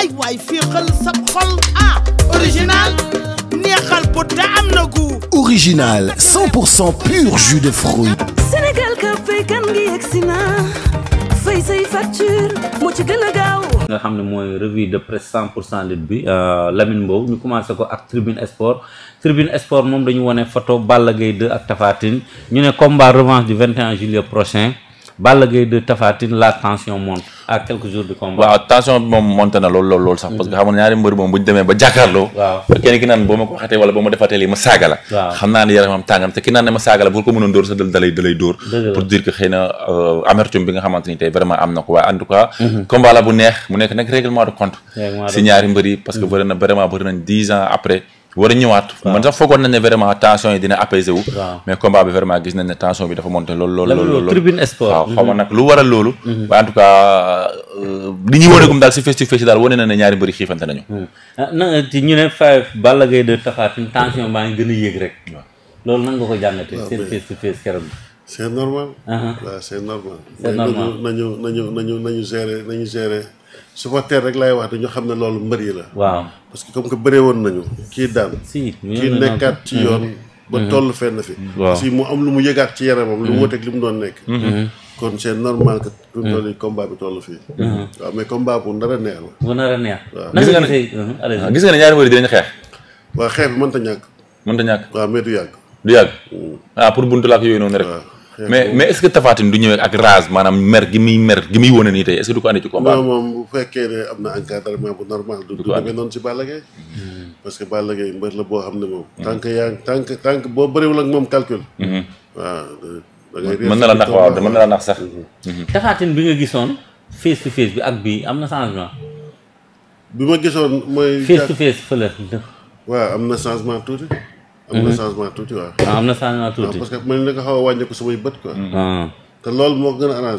ay waay fii xal sa xol ah original neexal bu te am na gu original pur jus de fruits Sénégal ka fay kan ngi yegsi na fay say facture moo ci gën a gaaw nga xam ne mooy revue de presse 100% lutte bi euh, Lamine Mbow ñu commencé ko ak Tribune Sport Tribune Sport moom dañu wone photo Balla Gaye 2 ak tafaatin ñu ne combat revanche du 21 juillet prochain Balla Gaye 2 Tapha la tension monte à quelques jours waaw tension bi moom monté na lool lool lool sax. parce que xam nga ñaari mbër moom bu demee ba jàkkaarloo. waaw ki naan boo ma ko waxatee wala boo ma defatee lii ma saaga la. xam naa ne yaramam na euh, amertume bi nga xamante ni tey am na mhm. si ñaari mbër parce que mhm. bëri na vraiment bëri nañ dix ans après war a ñëwaat. man sax foogoon nañ ne vraiment tension yi dina apaisé wu. mais combat bi vraiment gis nañ ne tension bi dafa monté lool lool. lool tribune sport waaw xaw mhm. nag lu waral loolu. Mhm. waaye en tout cas euh, daal na ne ñaari mbëri xiifante nañu. Mhm. ah na ci ñu ne Faye Balla Gaye de Tapha Tine tension baa ngi gën a yéeg rek. loolu nan nga ko jàngatee. waaw seen face to face keroog. c' est normal. Uh-huh. waaw c' est normal. c' est normal nañu nañu nañu nañu gérer nañu gérer. su supporter rek laay wax dañu xam ne loolu mbër la. waaw parce que comme que bëree woon nañu. kii daan si kii nekkaat ci yoon. ba mhm. toll fenn fi. waaw si mu am lu mu yëgaat ci yaramam. lu mhm. wuuteeg li mu doon nekk. Mhm. kon c'est normal que. du bi toll fii. waaw mais combat bu nar a neex la. a neex. waaw gis nga ne ah, gis nga ne ñaari mbër yi dinañ xeex. waaw xeex bi mënta ñàkk. mënta ñàkk waaw mais du yàgg. du yàgg mm. ah pour buntu la ak yooyu noonu rek. mais mais est ce que du ñëwee ak rage maanaam mer gi muy mer gi muy wane nii tey est ce que du ko andi ci moom bu fekkee ne am na encadrement bu normal. du du noonu ci Balla Gaye mm. parce que Balla Gaye mbër la boo xam ne moom. Mm. tant que yaa tant que boo bëriwul ak moom calcul. Mm-hmm. waaw da ngay. mën na la nax waaw mën sax. Mm-hmm. Mm-hmm. bi nga gisoon face to face bi ak bii am na changement. bi ma gisoon mooy. face to face fële. waaw am na changement tuuti. Mm-hmm. Ah, am na changement tuuti waaw. am na changement tuuti parce que man na nga xaw a mm-hmm. ah. te loolu moo gën a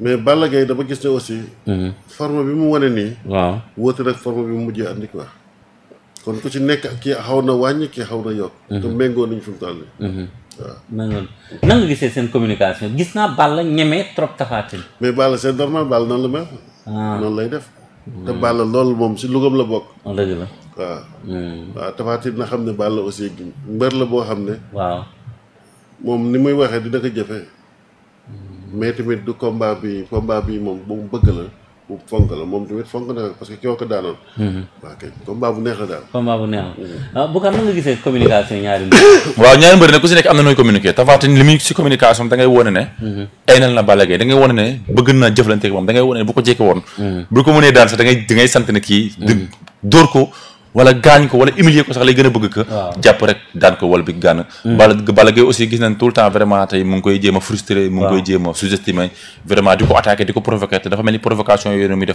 mais Balla Gaye dama gis ne aussi. Mm-hmm. forme bi mu wane nii. waaw wóote rek forme bi mu mujjee andi kon ku ci nekk kii xaw na wàññi kii xaw na yokk. te nañu fi mu toll nii. waaw méngoo gisee seen communication gis naa Balla ñeme trop tafaatin. mais Balla c'est normal Balla noonu la mel. Ah. noonu lay def. Mm. te Balla loolu moom si lugam la bokk. dëgg la. waaw. Hmm. waaw Tapha Tine na xam ne Balla aussi mbër la boo xam ne. waaw moom ni muy waxee dina ko jëfe hmm. mais tamit du combat bi combat bi moom bu mu bëgg la bu fonk la moom tamit fonk na parce que kii ko daanoon. Hmm. waaw kay combat bu neex la daal. combat bu neex la ah, bu kan nan nga gisee communication ñaari ne ku si na nooy communiquer Tapha Tine li muy si communication da ngay wone ne. aynal na Balla Gaye da ngay wone ne bëgg naa jëflante moom dangay ngay wone ne bu ko jékki woon. bu ko mënee daan sax da ngay da ngay sant ne kii. dóor ko. wala gaañ ko wala humilier ko sax lay gën a bëgg ka jàpp rek daan ko wala gànn hmm. bala gay aussi gis nañ tout le temps vraiment tey mu ngi koy jéem a mu ngi ko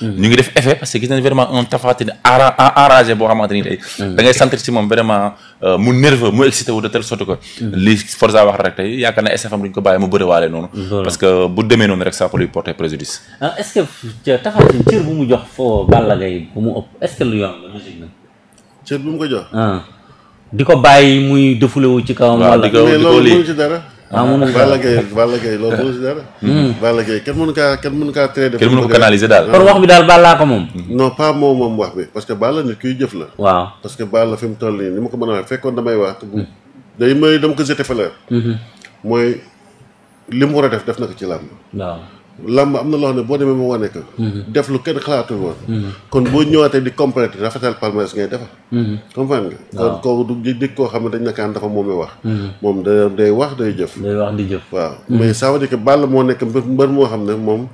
hmm. def effet parce que gis nañ vraiment un tafaati ne boo xamante ni tey hmm. da si moom vraiment euh, mu nerveux mu excité wu de telle sorte que li Forza wax rek tey yaakaar na SFM duñ ko bàyyi mu bëri noonu parce que bu demee noonu rek ça peut lui porter préjudice ah, cër bi mu ko jox. Ah. di ko bàyyi muy defulewu ci kawam. wala di ko di ko lii ci dara. ah mun na Balla Gaye Balla Gaye loolu mënu si dara. Hmm. Balla Gaye kenn mënu kaa kenn mënu kaa traité. kenn mënu ko canaliser daal. kon wax bi daal Balla ko moom. Hmm. non pas moom moom wax bi parce que Balla nit kuy jëf la. waaw parce que Balla fi mu toll nii ni ma ko mën a waxee fekkoon damay wax. Hmm. mooy li mu war a def def na ko ci làmb. waaw. làmb am na loo xam ne boo demee mu wane ko. Mhm. def lu kenn xalaatul woon. Mhm. kon boo ñëwaatee di complété rafetal palmarès ngay defar. Mhm. comprendre nga. kon du di koo xam ne dañ nakaan dafa moomee wax. moom day wax day jëf. day wax di jëf. waaw mais ça veut dire que moo nekk mbër moo xam ne moom.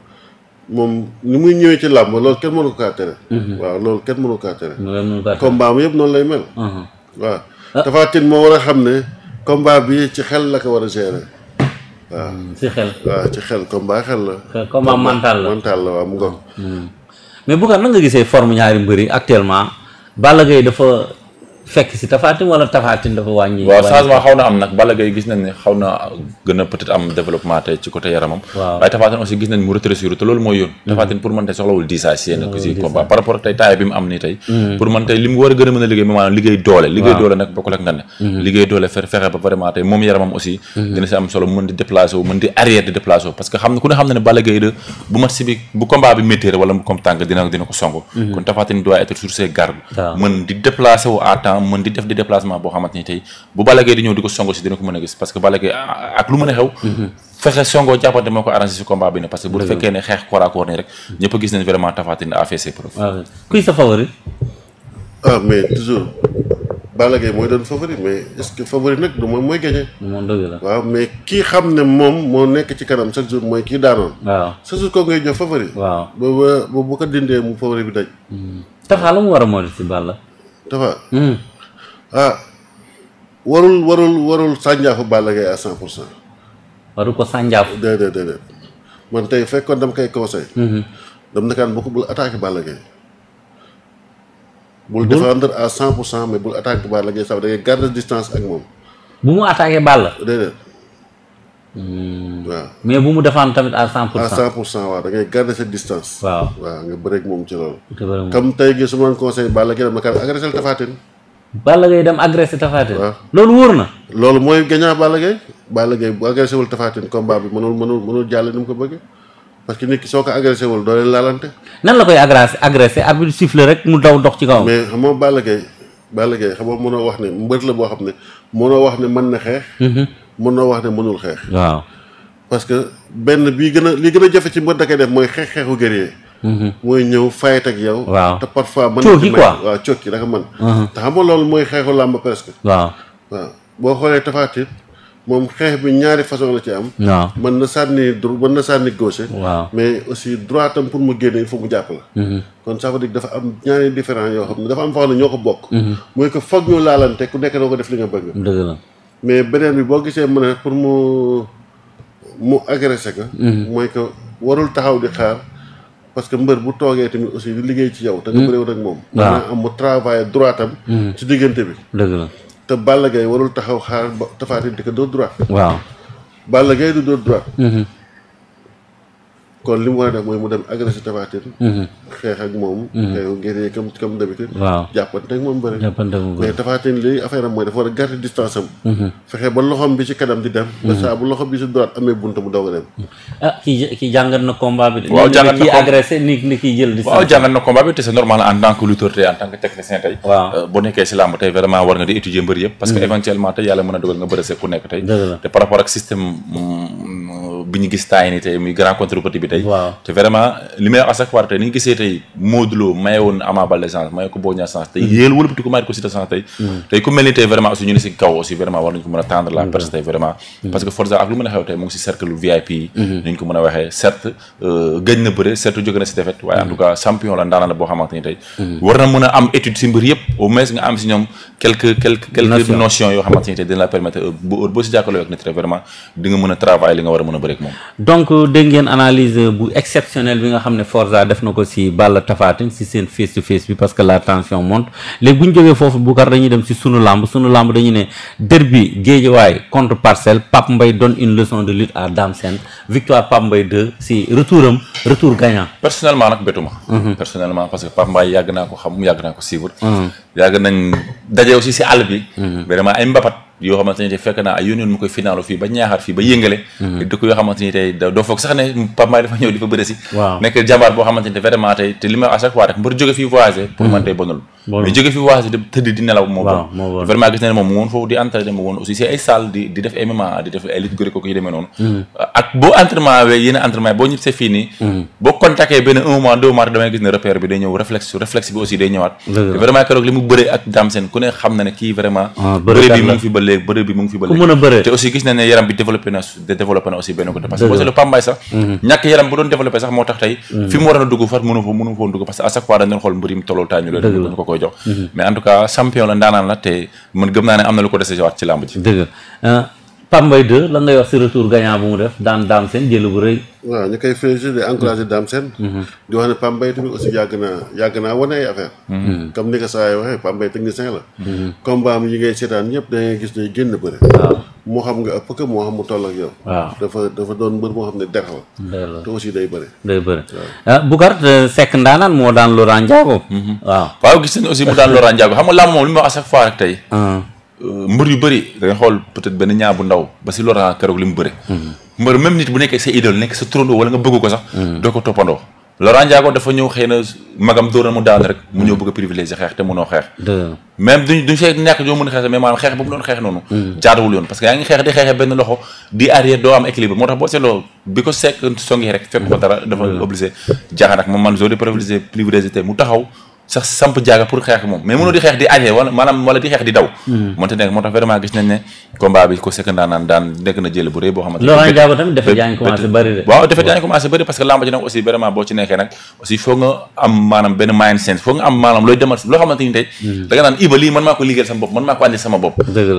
moom ni muy ñëwee ci làmb loolu kenn mënu ko kaa tere. waaw loolu kenn mënu ko kaa tere. combat yëpp noonu lay mel. waaw ah. Tapha Tine moo war a xam ne combat bi ci xel la ko war a gérer. waaw si xel. waaw ci xel combat xel la. xel combat mental la mental la waaw mu ngoog. Hmm. mais bu ko nan nga gisee forme ñaari mbëri actuellement Balla Gaye dafa. fekk si tafaatin waaw changement xaw na am nag Balla gis nañ ne xaw na gën a peut am développement tey ci côté yaramam. waaye tafaatin aussi gis nañ mu mm-hmm. mu am nii si am bi bu combat mu comme tànk dina dina ko song. Mm-hmm. kon tafaatin doit être sur ses gardes. mën di déplacer wu à temps mën di def di déplacement boo xamante ni tey bu Balla Gaye di ñëw di ko songo si dina ko mën mm-hmm. moo ko arrangé a gis ah ah, moom moo nekk ci kanam chaque jour mooy kii daanoon. waaw chaque jour kooku ngay jox favori. waaw ba ba bu ko dindee mu favori bi daj. Mm-hmm. Tapha la mu war a moo def ci la Tapha. Mm-hmm. ah warul warul warul sànjaafu Balla Gaye à cent pour cent. waru ko sànjaaf. déedéet déedéet man tey fekkoon dama koy conseil. Mm-hmm. dama nakaan bu ko bul attaqué Balla Gaye. sax da ngay garder distance ak moom. bu mu attaqué Balla. déedéet. Mm. waaw mais bu mu défendre tamit à cent pour cent. à cent pour cent waaw da ngay cette distance. waaw waaw nga bëreeg moom ci loolu. comme tey gi su ma conseil Balla Gaye dama nakaan agressé Tapha Balla Gaye dem agressé Tapha Tine. loolu wóor na. loolu mooy gagnant Balla Gaye Balla Gaye bu agressé wul Tapha Tine combat bi mënul mënul mënul jàll ni mu ko bëgg parce que nit ki soo ko agressé wul doo leen laalante. nan la koy agressé agressé arbitre siffle rek mu daw dox ci kawam. mais xam nga Balla Gaye Balla mënoo wax ne mbër la boo xam ne mënoo wax ne mën na xeex. Mhm. mënoo wax ne mënul xeex. waaw parce que benn bii gën a lii gën a jafe ci mbër da koy def mooy xeex xeexu guerrier. Mm-hmm. mooy ñëw fayet ak yow. waaw te parfois mën na ci may waaw cokki mm-hmm. te xam nga loolu mooy xeexu làmb presque. waaw waaw boo xoolee tafaatit moom xeex bi ñaari façon la ci am. waaw mën na sànni dro mën na sànni gauche. waaw mais aussi droite am pour mu génne il faut mu jàpp la. Mm-hmm. kon ça veut dafa am ñaari différent yoo xam ne dafa am foo xam ne ñoo ko bokk. mooy que foog ñu laalante ku nekk na ko def li nga bëgg. dëgg la mais beneen bi boo gisee mën a pour mu mu agressé ka mooy que warul taxaw di xaar. parce que mbër bu toogee tamit aussi di liggéey ci yow. te nga hmm. bëriwul ak moom. waaw dana am mu travail droit am. Hmm. ci diggante bi. te Balla Gaye warul taxaw xaar ba Tapha Tine di ko dóor droit. Gaye du dóor droit. Hmm. kon a mhm. mhm. a mhm. a ah, jàngat na combat bi de. waaw jàngat na kii bi te c'est normal en tant que lutteur tey en tant que technicien tey. Euh, boo nekkee si làmb tey vraiment war nga di étudier mbër yëpp. parce que éventuellement tey yàlla mën a dogal nga bëre nekk tey. par rapport ak système mm, bi ñu gis taay ni tey muy grand contre petit bi tey. te vraiment li may wax chaque fois tey ni ñu gisee tey Modou Lo maye ko Boy Niang chance tey mm-hmm. mm-hmm. tey. ku mel ni tey vraiment aussi ñu ne si kaw war nañu mm-hmm. ñu ko mën a waxee certes euh, gëj tey. war na mën a am étude si mbir yëpp au moins nga am si ñoom quelque quelque yoo xamante tey dina la permettre euh, boo si jàkkaarloo ak nit rek vraiment di mën a travailler li nga war a mën a bëre moom. donc euh, dégg ngeen analyse bu exceptionnelle bi nga xam ne Forza def na ko si Balla Tafatine si seen face to face bi parce que la tension monte léegi bu ñu jógee foofu Boucar dañuy dem si sunu lamb sunu lamb dañuy ne derby Guédiawaye contre Parcelles Pape Mbaye donne une leçon de lutte à Dame Sène victoire Pape Mbaye 2 si retouram retour gagnant. personnellement nag betuma mhm. personnellement parce que Pape Mbaye yàgg naa ko xam yàgg naa ko suivre. Mhm. yàgg nañ daje aussi si àll yoo xamante ni tey fekk naa ay yoon mu koy finaalu fii ba ñaaxaar fii ba yëngale mhm. doo foog sax ne Pape Malick dafa ñëw di fa bëre nekk jàmbaar boo xamante ni tey te li ma mhm. gis ne moom mu woon foofu di entraîné mu woon aussi si ay salle di def ay di def ay lutte gréco ko yi demee noonu mhm. ak boo entraînement wee yéen a entraînement boo ñibbisee fii nii boo contacté benn un mois deux damay gis ne repère bi day ñëw réflexe réflexe bi aussi day ñëwaat vraiment keroog léegi bëre bi mu ngi fi ba léegi ku mën a bëre te aussi gis nañ ne yaram bi développé na développé na aussi benn côté parce que boo seetloo Pambaay sax mhm. ñàkk yaram bu doon développé sax moo tax tey mhm. fi waroon a dugg far mënu fa mënu fa dugg parce à chaque fois dañ doon xool mbërim tolloo taañu la ñu ko koy jox mhm. mais en tout ndaanaan la te man gëm naa ne am na lu ko dese waat ci làmb ji Pape Mbaye 2 lan ngay wax si retour gagnant bu mu def daan Dame Sène jël bu rëy. waaw ñu koy félicité di encouragé Dame Sène. Mm-hmm. di wax ne Pape Mbaye tamit aussi yàgg mm-hmm. mm-hmm. da ngay waaw moo xam nga ëpp ko waaw dafa la. te aussi aussi mu daan Laurent Ndiago xam nga làmb moom li ma wax à rek tey. Ah. Euh, mbër yu bëri da nga xool peut-être benn ñaa bu ndaw ba si Laurent keroog li mu bëre. Hmm. mbër même nit bu nekkee sa idole nekk sa turandoo wala nga bëgg ko sax. Hmm. doo ko toppandoo. Laurent Ndiago dafa ñëw xëy na magam dóor na mu daan rek mu ñëw bëgg a privilégié xeex a xeex mais maanaam xeex ba mu doon xeex noonu. Hmm. jaaduwul yoon di xeexee benn loxo di arrière doo am équilibre moo tax boo seetloo bi ko sekk songi rek fekk ko dara dafa obligé jaaxaan ak moom man zone de privilégié privilégié mu taxaw sax samp jaaga pour xeex moom mais mënoo di xeex di aje wala maanaam wala di xeex di daw hmm. moo tax nekk moo tax vraiment gis nekk na jël bu rëy boo xamante waaw defet yaa ngi commencé parce que lamba ji nag aussi vraiment boo ci nekkee nag aussi foog nga am maanaam benn mindset foog nga am maanaam looy demal loo xamante ni tey hmm. da naan iba lii man maa ko liggéeyal sama bopp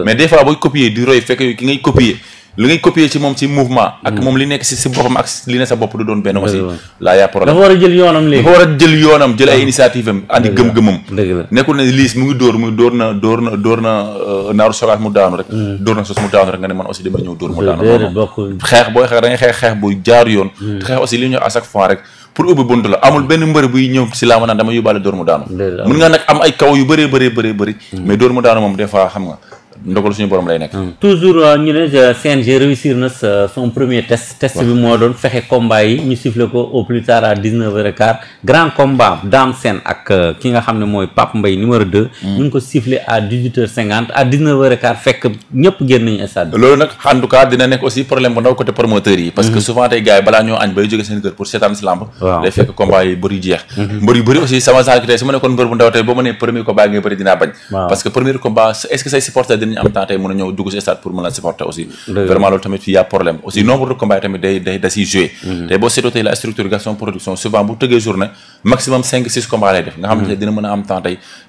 mais des fois booy copier di roy fekk ki ngay copier li ngay copier ci moom ci mouvement. ak hmm. moom li nekk si boppam ak li ne sa bopp du doon benn aussi. laa yaa problème dafa war a jël yoonam a yoonam jël ay ah. initiative am. andi gëm-gëmam. nekkul ne liis mu ngi dóor mu dóor na dóor na dóor na euh, naaru sokaas mu daanu rek. Hmm. dóor na sos mu daanu rek nga ne man aussi dama xeex booy xeex da ngay xeex xeex jaar yoon. te hmm. xeex aussi li ñu à chaque fois rek. pour ubbi bunt ñëw si laa ma naan dama yóbbaale dóor mu daanu. mën nga nag am ay kaw yu bëree bëree bëree bëri mais dóor mu daanu moom des fois xam nga ndogal suñu borom lay nekk. Hmm. toujours euh, ñu euh, na son premier test. test bi moo doon fexe combat yi ñu siffle ko au plus tard à dix neuf et quart grand combat Dame Sène ak euh, ki nga xam ne mooy Pape Mbaye numéro deux. Hmm. ñu ngi ko siffle à dix huit heures cinquante à et quart fekk ñëpp génn nañu stade loolu nag en dina nekk aussi problème bu ndaw côté promoteurs yi. parce que hmm. souvent tey gars balaa ñoo añ bay jóge seen kër pour seetaan si lamb. waaw fekk combat yi bëri ñu am temps tey mën a ñëw dugg si stade pour mën a supporter aussi vraiment loolu tamit y problème aussi nombre mhm. production souvent bu tëggee journée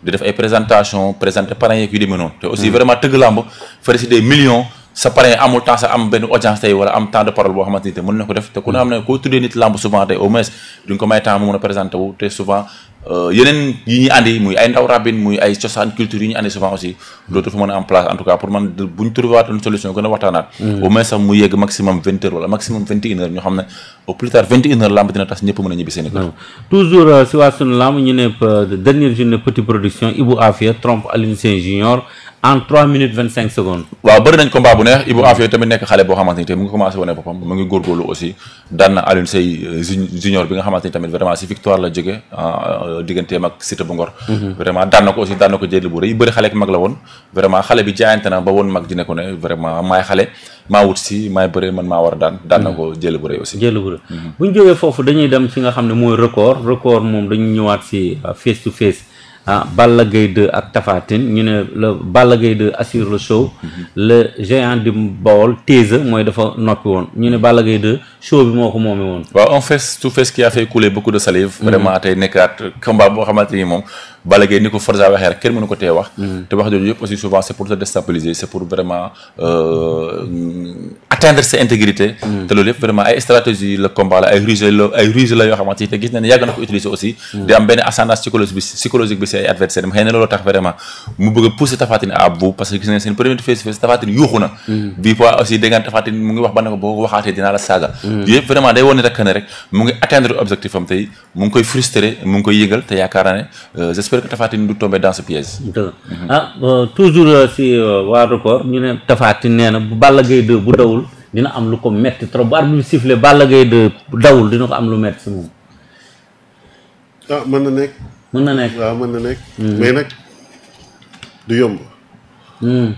def nga xam mhm. mhm. sa parrain amul temps am benn audience tey wala am temps ko def te ne xam ne koo tuddee nit làmb souvent tey au moins duñ ko may temps mu a présenté te souvent Euh, yeneen yi ñuy andi muy ay ndaw rabin muy ay cosaan culture yi ñu andi souvent aussi loolu dafa mën a en place en tout cas pour man bu ñu trouvé waat une solution gën a waxtaanaat mm. au moins sax mu yegg maximum vingt heures wala maximum vingt et une ñoo xam ne au plus tard vingt et une heures dina tas ñëpp mën a ñibbi seen i kër mm. toujours euh, si waa sunu lamb ñu ne euh, dernière journée petite production Ibou Afia trompe Aline Junior en 3 minutes 25 secondes. waaw bëri nañ combat bu neex Ibou Afia tamit nekk xale boo xamante ni te mu ngi commencé wane boppam mu ngi góorgóorlu aussi daan na Alioune Seye euh, junior bi nga xamante ni tamit vraiment si victoire la jóge ah, euh, digganteem ak Siteu bu Ngor. Mhm. vraiment daan na ko aussi daan jël bu rëy bëri xale ak mag la woon vraiment xale bi jaayante na ba woon mag dina ko ne vraiment maay xale maa wut si maay bëri man maa war daan daan na ko mhm. jël bu rëy aussi. Mhm. bu ñu jógee foofu dañuy nga xam ne mooy record record si euh, face ah Balla Gaye 2 ak Tapha ñu ne le Balla Gaye 2 assure le show le géant du Baol Téza mooy dafa noppi woon ñu ne Balla Gaye 2 show bi moo ko moomee woon. waaw un face to face qui a fait couler beaucoup de salive. vraiment mm-hmm. tey nekkaat combat boo xamante ni moom. Balla Gaye ni ko Forza waxee rek kenn mënu ko tee wax. Mm-hmm. te wax jooju yëpp aussi souvent c' pour se déstabiliser c' pour vraiment euh, atteindre sa intégrité. Mm-hmm. te loolu yëpp vraiment ay stratégie la combat ay ruse la ay ruse la yoo te gis nañ ne na ko utiliser aussi. Mm-hmm. di am benn ascendance psychologique bi si adversaire mu ngi wax ba ko boo waxaatee dinaa la saaga. yëpp vraiment day wane rek mu ngi atteindre objectif am tey mu ngi koy j'espère que Tapha Tine du tombé dans ce piège. ah euh, si euh, waa record ñu ne tafaati Tine nee na bu Balla Gaye bu dawul dina am lu ko metti trop bu arbitre bi sifflé Balla Gaye 2 dawul dina ko am lu metti si moom. Ah, mën na nekk. mën na nekk waaw mën na nekk. Mm-hmm. mais nag du yomb. Mm.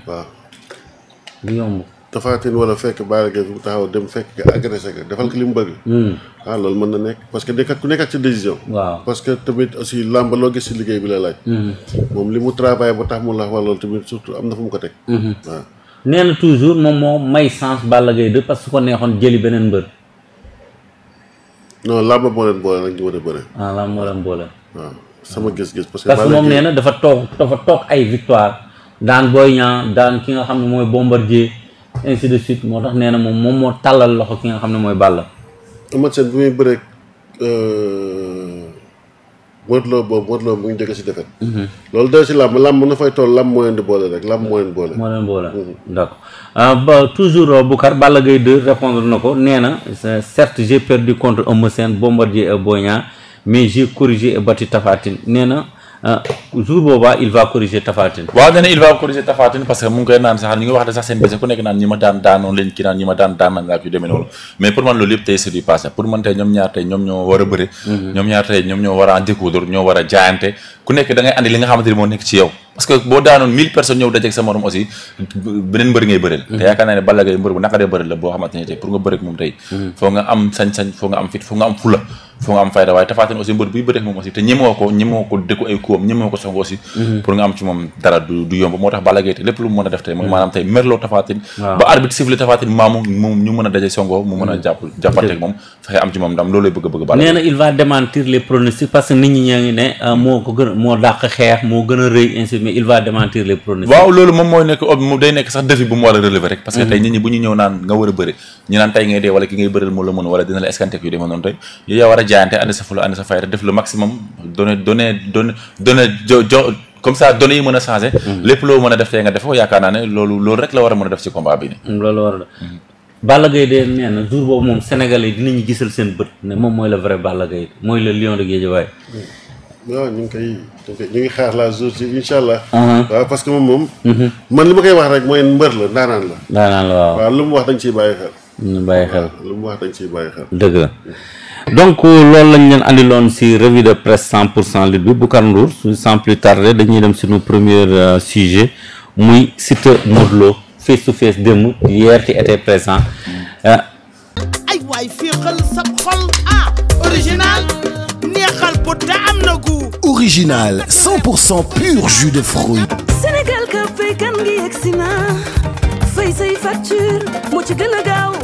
du yomb. tafaatin wala fekk Balla Gaye bu taxaw dem fekk nga ko li mu bëgg. Hmm. Ah, hmm. moom li mu travail ba tax mu la hmm. ah. que su ko neexoon jëli beneen mbër. non làmb moo leen a bëre. ah làmb moo leen boole. waaw ah, sama gis-gis. parce que parce dafa toog ay victoire daan Boy Niang daan ki nga xam ne mooy Bombardier. ainsi de suite moo tax nee na moom moom moo tàllal loxo ki nga xam ne mooy Balla. Eumeu Sène bu muy bëreeg euh, Modou Lo boobu Modou Lo mu ngi jóge si defet mhm. loolu day si làmb làmb na fay toll làmb moo leen di boole rek làmb moo leen boole. moo leen boole mhm. d'accord euh, ba toujours euh, Boucar Balla Gaye 2 répondre na ko nee na certes j'ai perdu contre Eumeu Sène Bombardier et Boy Niang mais j'ai corrigé et battu Tapha Tine nee na. Euh, jour boobaa il va corriger Tafatine. waaw nee na il va corriger Tafatine parce que mu ngi naan sax ñu ngi wax de sax seen bés ku nekk naan ñi ma daan daanoon leen kii naan ñi daan daan naan laa koy noonu mais pour man loolu yëpp tey c'est du passé pour man tey ñoom ñaar tey ñoom ñoo war a bëre. Mm-hmm. ñoom ñaar tey ñoom ñoo war a en découdre ñoo war a jaayante ku nekk da andi li nga xamante ni nekk ci yow parce que boo daanoon mille personnes ñëw dajeeg sa mu mën a def mm-hmm. moom ñu am ci moom ndam loolu bëgg bëgg Balla nee il va démentir les pronostics parce que nit ñi ñaa ngi ne euh, moo ko gën moo dàq xeex moo gën a rëy mais il va démentir les pronostics. waaw loolu moom mooy nekk ob day nekk sax défi bu mu war a relever parce que mhm. tey nit ñi bu ñu ñëw naan nga war a bëri ñu naan tey ngay moo def le maximum donné donné donné donné jo comme ça données yi mën a changé. Mhm. lépp loo mën a def tey nga def ko yaakaar naa ne loolu loolu rek la war a mën a def ci combat bi nii. Mm, loolu war la. Mhm. Balla Gaye de nee jour boobu moom Sénégalais dinañu gisal seen bët moom mooy le vrai waaw ñu ngi koy ñu ngi xaar la jour ci incha allah. Uh-huh. waaw parce que moom moom. Mm-hmm. man li ma koy wax rek mooy mbër la daanaan la. daanaan la waaw lu mu wax dañ ci bàyyi xel. ñu lu mu wax dañ ci bàyyi xel. dëgg la donc loolu lañ leen andiloon si revue de presse cent pour cent lutte bi Boucar Ndour sans plus tarder dañuy dem suñu premier euh, sujet muy Siteu Modou Lo face to face démb hier ci était présent. Euh, ay waay fii xel sa xol. original 100% pur jus de fruits. Sénégal ka fay kan gi yegsi na fay say facture moo ci gën a gaaw